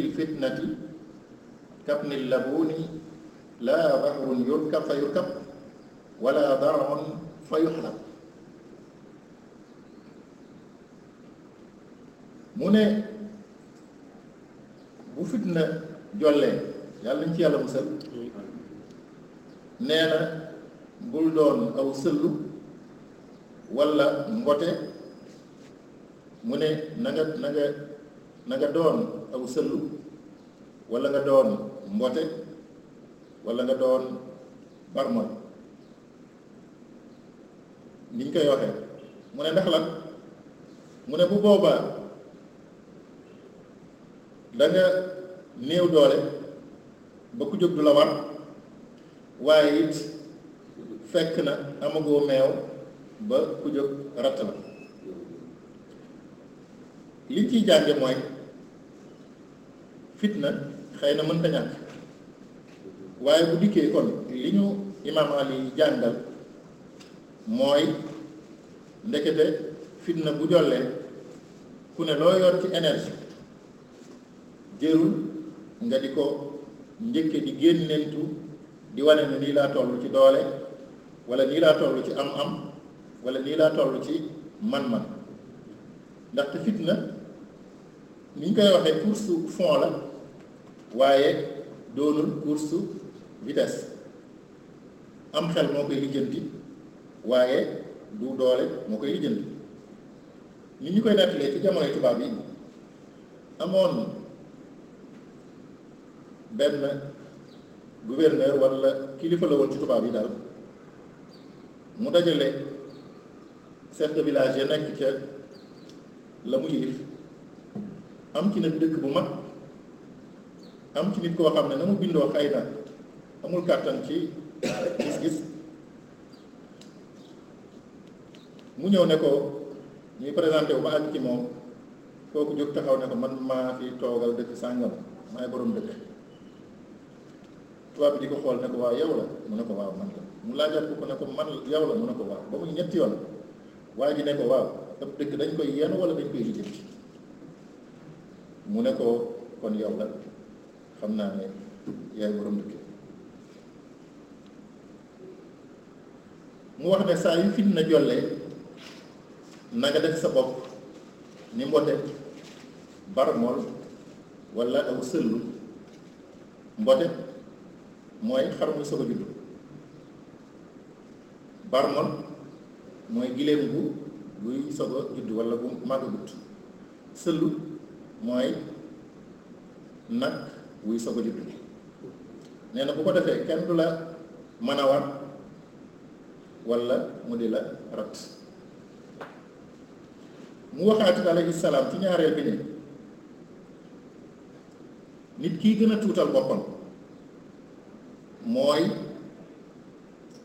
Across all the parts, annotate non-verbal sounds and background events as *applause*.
fi lfitnati kabni labuni laa mu ne bu fitna jollee yàlla nañ ci yàlla musal nee na bul doon aw sëllu wala mbote mu ne na nga na nga doon aw sëllu wala nga doon mbote wala nga doon barmol ni ñu koy waxee mu ne ndax lan mu ne bu boobaa da néew doole ba ku jóg du la war waaye it fekk na amagoo meew ba ku jóg ratt la li ciy jànge mooy fitna xëy na mënta ñàkk waaye bu dikkee kon li ñu imaam Ali jàngal mooy ndekete fitna bu jollee ku ne loo yor ci énergie jërul nga di ko njëkke di génnentu di wane ne nii laa toll ci doole wala nii laa tollu ci am-am wala nii laa tollu ci man-man ndaxte fitna ni ñu koy waxee course fond la waaye doonul course vitesse am xel moo koy lijjanti waaye du doole moo koy lijjanti ni ñu koy nettalee ci jamonoy tubaab yi amoon benn gouverneur walla kilifa la woon ci tubaab yi daal mu dajale chef village ya nekk ca la mu yilif am ci nag dëkk bu ma am ci nit koo xam ne na mu bindoo xëy na amul kàttan ci gis-gis mu ñëw ne ko ñuy présenté wu ba àgg ci moom kooku jóg taxaw ne ko man maa fi toogal dëkk sàngam maay borom dëkk tubaab bi di ko xool ne ko waaw yow la mu ne ko waaw man la mu laajaat ko ko ne ko man yow la mu ne ko waaw ba muy ñetti yoon waa ji ne ko waaw ab dëkk dañ koy yenn wala dañ koy lijjanti mu ne ko kon yow la xam naa ne yaay borom dëkk mu wax ne saa yu fitna jollee na nga def sa bopp ni mbote barmool wala aw sëllu mbote mooy xar mu soog a juddu barmool mooy gileem gu buy soog a judd wala bu màggagut sëllu mooy nag wuy soog a judd nee na bu ko defee kenn du la mën a war wala mu di la rat mu waxaati alayhi salaam ci ñaareel bi ne nit kii gën a tuutal boppam mooy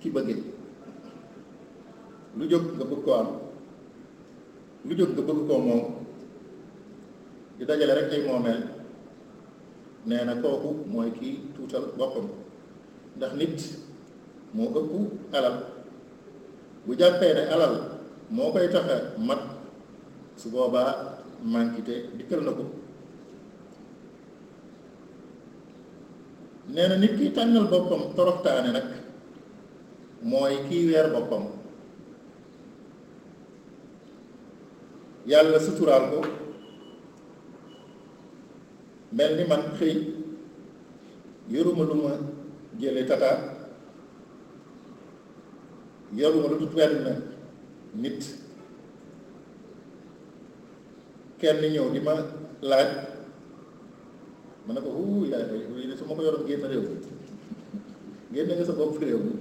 ki bëgge lu jóg nga bëgg ko am lu jóg nga bëgg koo moom di dajale rek tey moomeel nee na kooku mooy kii tuutal boppam ndax nit moo ëpp alal bu jàppee ne alal moo koy tax a mat su boobaa mànkite dikkal na ko nee na nit ki tànnal boppam toroxtaane nag mooy kii weer boppam yàlla suturaal ko mel ni man xëy yoruma lu ma jële tata yoruma lu dut wenn nit kenn ñëw di ma laaj ma ne ko uu yaay koy lii de su ma ko yoroon génn réew mi *laughs* génn nga sa bopp réew mi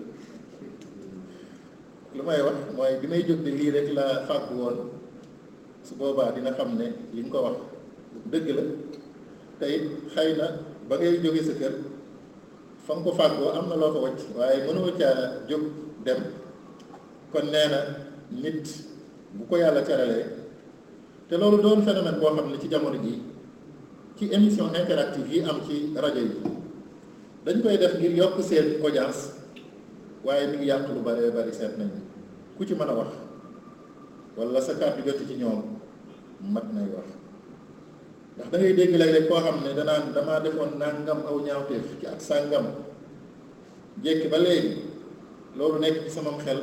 lu may wax mooy bi may jóg di lii rek la fàgg woon boobaa dina xam ne li nga ko wax dëgg la tey xëy na ba ngay jóge sa kër fa nga ko fàggoo am na loo ko wàcc waaye mënoo caa jóg dem kon neena na nit bu ko yàlla teralee te loolu doon phénomène boo xam ne ci jamono ji ci émission interactive yi am ci rajo yi dañ koy def ngir yokk seen audience waaye mi ngi yàq lu bare bari seet nañ ku ci mën a wax wala sa kàddu jot ci ñoom mat nay wax ndax da dégg léeg-léeg koo xam ne danaan damaa defoon nangam aw ñaawteef ci ak sangam jékki ba léegi loolu nekk ci samam xel